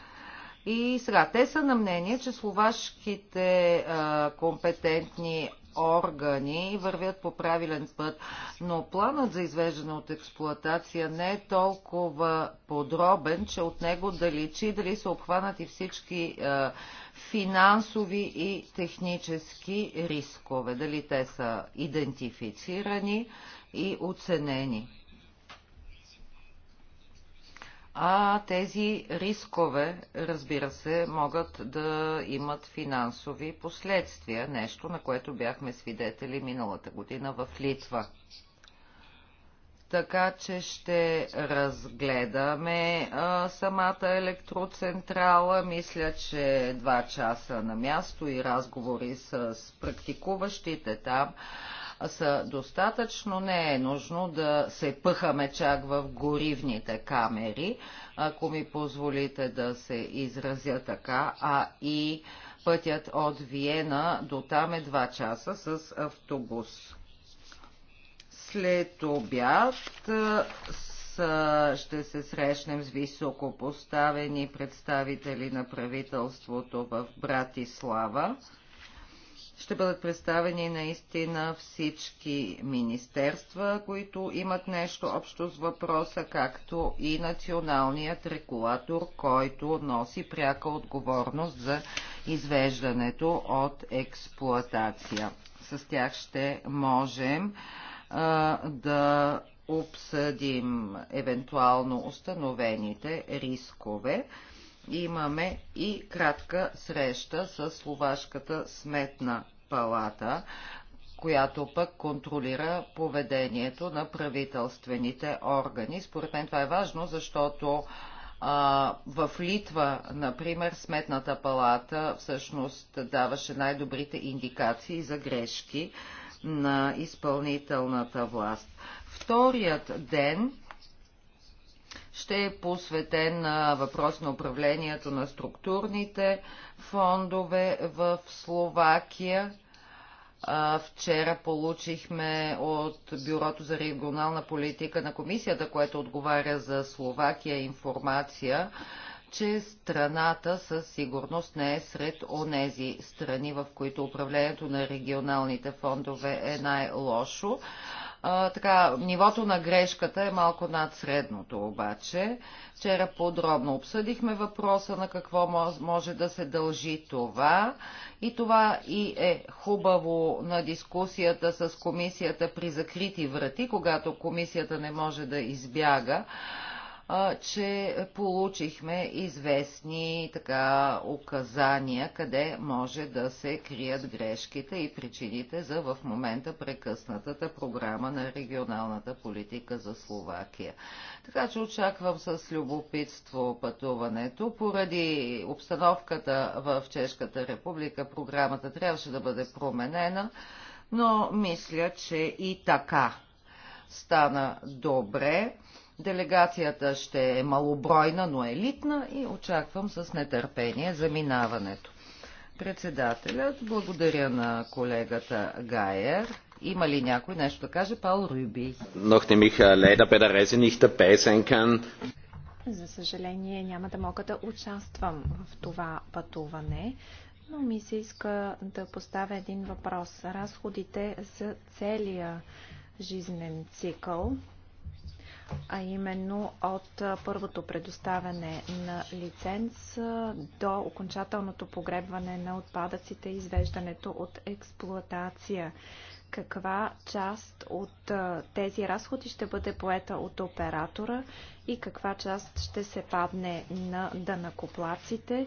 И сега, те са на мнение, че словашките а, компетентни органи вървят по правилен път, но планът за извеждане от експлоатация не е толкова подробен, че от него да личи дали са обхванати всички е, финансови и технически рискове, дали те са идентифицирани и оценени. А тези рискове, разбира се, могат да имат финансови последствия, нещо на което бяхме свидетели миналата година в Литва. Така че ще разгледаме а, самата електроцентрала. Мисля, че два часа на място и разговори с практикуващите там. А, са достатъчно. Не е нужно да се пъхаме чак в горивните камери, ако ми позволите да се изразя така, а и пътят от Виена до там е 2 часа с автобус. След обяд ще се срещнем с високопоставени представители на правителството в Братислава ще бъдат представени наистина всички министерства, които имат нещо общо с въпроса, както и националният регулатор, който носи пряка отговорност за извеждането от експлоатация. С тях ще можем а, да обсъдим евентуално установените рискове имаме и кратка среща с Словашката сметна палата, която пък контролира поведението на правителствените органи. Според мен това е важно, защото в Литва, например, Сметната палата всъщност даваше най-добрите индикации за грешки на изпълнителната власт. Вторият ден ще е посветен на въпрос на управлението на структурните фондове в Словакия. Вчера получихме от Бюрото за регионална политика на комисията, което отговаря за Словакия информация, че страната със сигурност не е сред онези страни, в които управлението на регионалните фондове е най-лошо. А, така, нивото на грешката е малко над средното обаче. Вчера подробно обсъдихме въпроса на какво може да се дължи това и това и е хубаво на дискусията с комисията при закрити врати, когато комисията не може да избяга че получихме известни така указания, къде може да се крият грешките и причините за в момента прекъснатата програма на регионалната политика за Словакия. Така че очаквам с любопитство пътуването. Поради обстановката в Чешката република програмата трябваше да бъде променена, но мисля, че и така стана добре. Делегацията ще е малобройна, но елитна и очаквам с нетърпение заминаването. Председателят, благодаря на колегата Гайер. Има ли някой нещо да каже? Пал Руби? Äh, за съжаление няма да мога да участвам в това пътуване, но ми се иска да поставя един въпрос. Разходите за целия жизнен цикъл а именно от първото предоставяне на лиценз до окончателното погребване на отпадъците и извеждането от експлоатация. Каква част от тези разходи ще бъде поета от оператора и каква част ще се падне на данакоплаците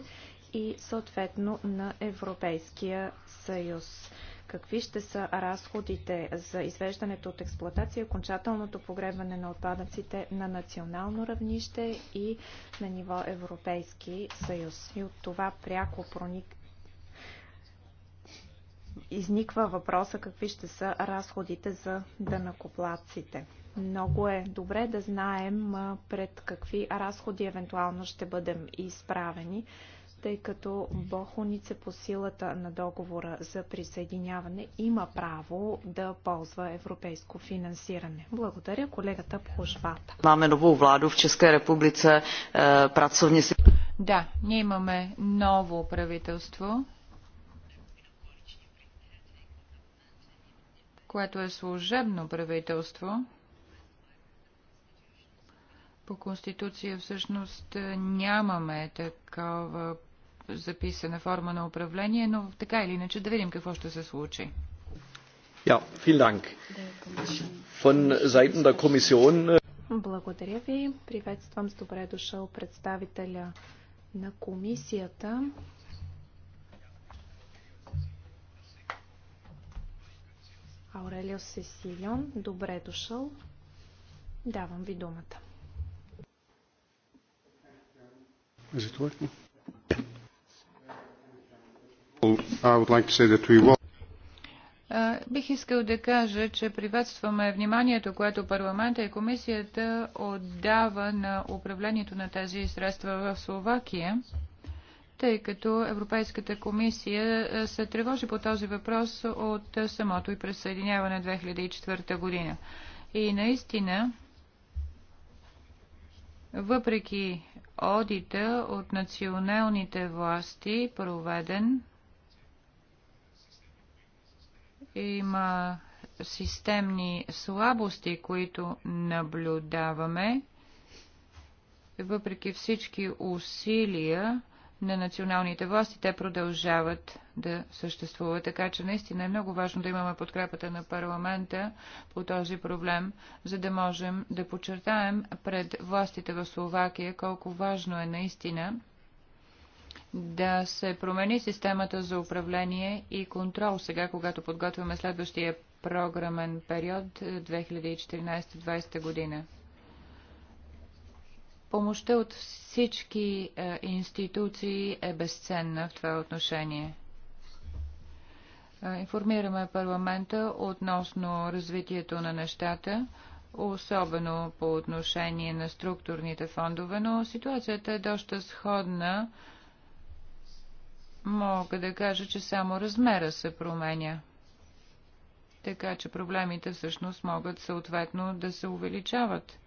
и съответно на Европейския съюз? какви ще са разходите за извеждането от експлоатация и окончателното погребане на отпадъците на национално равнище и на ниво Европейски съюз. И от това пряко проник... изниква въпроса какви ще са разходите за дънакоплаците. Много е добре да знаем пред какви разходи евентуално ще бъдем изправени тъй като Бохоница по силата на договора за присъединяване има право да ползва европейско финансиране. Благодаря колегата Пхожвата. Маме ново владу в Ческа република працовни си... Да, ние имаме ново правителство, което е служебно правителство по Конституция всъщност е, нямаме такова записана форма на управление, но така или иначе да видим какво ще се случи. Ja, vielen Dank. Von Seiten der Kommission. Äh, Благодаря ви. Приветствам с добре дошъл представителя на комисията. Аурелио Сесилион, добре дошъл. Давам ви думата. Is it working? Бих искал да кажа, че приветстваме вниманието, което парламента и комисията отдава на управлението на тези средства в Словакия тъй като Европейската комисия се тревожи по този въпрос от самото и присъединяване 2004 година. И наистина, въпреки одита от националните власти, проведен има системни слабости, които наблюдаваме, въпреки всички усилия на националните власти, те продължават да съществуват. Така че наистина е много важно да имаме подкрепата на парламента по този проблем, за да можем да подчертаем пред властите в Словакия колко важно е наистина да се промени системата за управление и контрол сега, когато подготвяме следващия програмен период 2014-2020 година. Помощта от всички е, институции е безценна в това отношение. Е, информираме парламента относно развитието на нещата, особено по отношение на структурните фондове, но ситуацията е доста сходна мога да кажа, че само размера се променя. Така че проблемите всъщност могат съответно да се увеличават,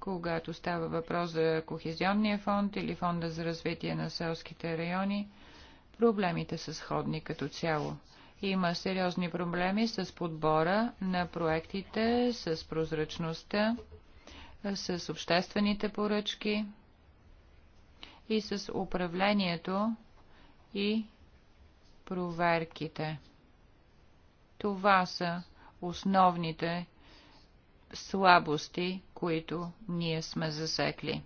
когато става въпрос за Кохезионния фонд или фонда за развитие на селските райони. Проблемите са сходни като цяло. Има сериозни проблеми с подбора на проектите, с прозрачността, с обществените поръчки и с управлението и проверките. Това са основните слабости, които ние сме засекли.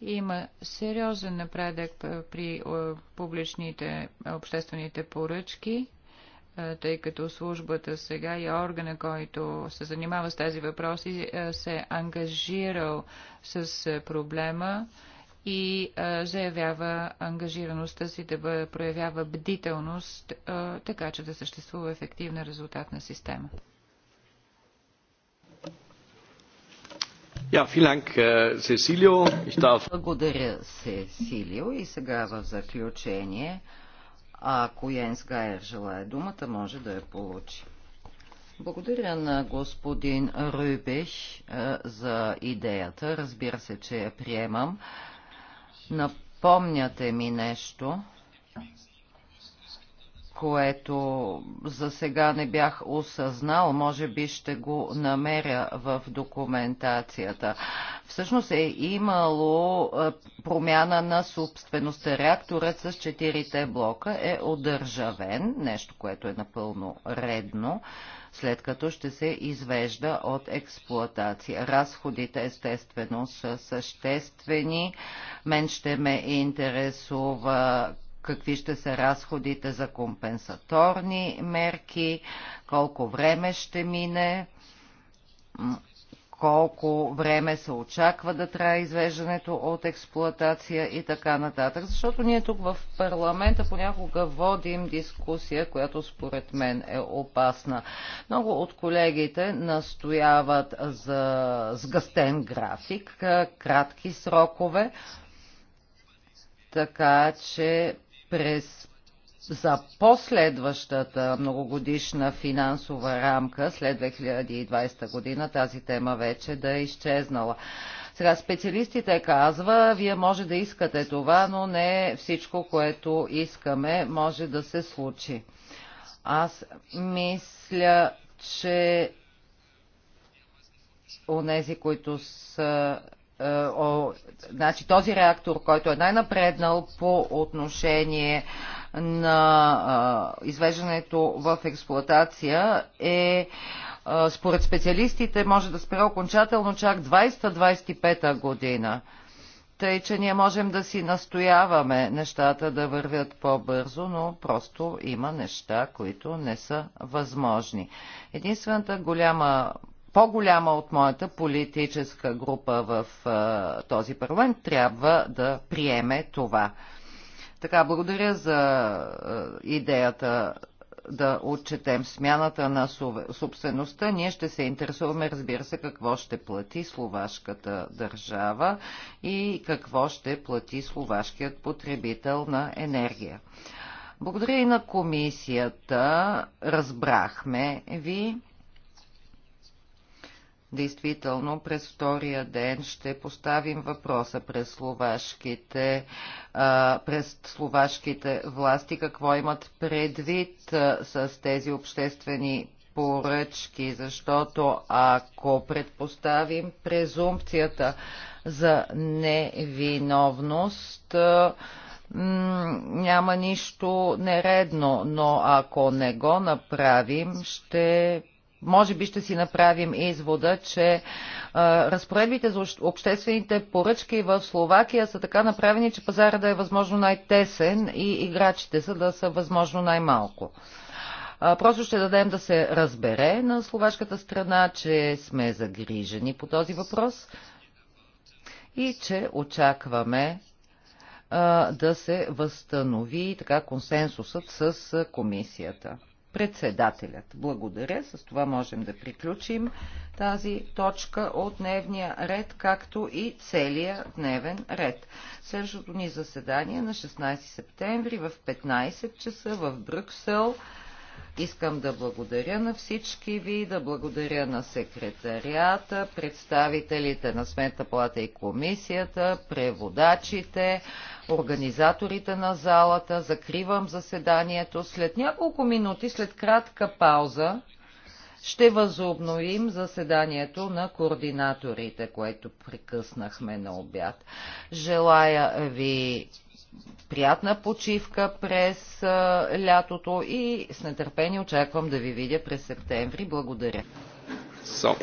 Има сериозен напредък при публичните обществените поръчки, тъй като службата сега и органа, който се занимава с тези въпроси, е, се ангажирал с е, проблема и а, заявява ангажираността си да бъде, проявява бдителност, а, така че да съществува ефективна резултатна система. Äh, Благодаря, Сесилио. И сега в заключение, ако Йенс Гайер желая думата, може да я получи. Благодаря на господин Рюбеш за идеята. Разбира се, че я приемам. Напомняте ми нещо, което за сега не бях осъзнал, може би ще го намеря в документацията. Всъщност е имало е, промяна на собствеността. Реакторът с четирите блока е одържавен, нещо, което е напълно редно след като ще се извежда от експлоатация. Разходите естествено са съществени. Мен ще ме интересува какви ще са разходите за компенсаторни мерки, колко време ще мине колко време се очаква да трае извеждането от експлоатация и така нататък. Защото ние тук в парламента понякога водим дискусия, която според мен е опасна. Много от колегите настояват за сгъстен график, кратки срокове, така че през за последващата многогодишна финансова рамка след 2020 година тази тема вече да е изчезнала. Сега специалистите казва, вие може да искате това, но не всичко, което искаме, може да се случи. Аз мисля, че онези, които са е, о, значи този реактор, който е най-напреднал по отношение на извеждането в експлоатация е според специалистите може да спре окончателно чак 20-25 година. Тъй, че ние можем да си настояваме нещата да вървят по-бързо, но просто има неща, които не са възможни. Единствената голяма по-голяма от моята политическа група в този парламент трябва да приеме това. Така, благодаря за е, идеята да отчетем смяната на собствеността. Ние ще се интересуваме, разбира се, какво ще плати словашката държава и какво ще плати словашкият потребител на енергия. Благодаря и на комисията. Разбрахме ви. Действително, през втория ден ще поставим въпроса през словашките, през словашките власти, какво имат предвид с тези обществени поръчки, защото ако предпоставим презумпцията за невиновност, няма нищо нередно, но ако не го направим, ще може би ще си направим извода, че а, разпоредбите за обществените поръчки в Словакия са така направени, че пазара да е възможно най-тесен и играчите са да са възможно най-малко. Просто ще дадем да се разбере на словашката страна, че сме загрижени по този въпрос и че очакваме а, да се възстанови така консенсусът с комисията председателят. Благодаря. С това можем да приключим тази точка от дневния ред, както и целия дневен ред. Следващото ни заседание на 16 септември в 15 часа в Брюксел. Искам да благодаря на всички ви, да благодаря на секретарията, представителите на Смета плата и комисията, преводачите, организаторите на залата. Закривам заседанието. След няколко минути, след кратка пауза, ще възобновим заседанието на координаторите, което прекъснахме на обяд. Желая ви приятна почивка през лятото и с нетърпение очаквам да ви видя през септември. Благодаря. So.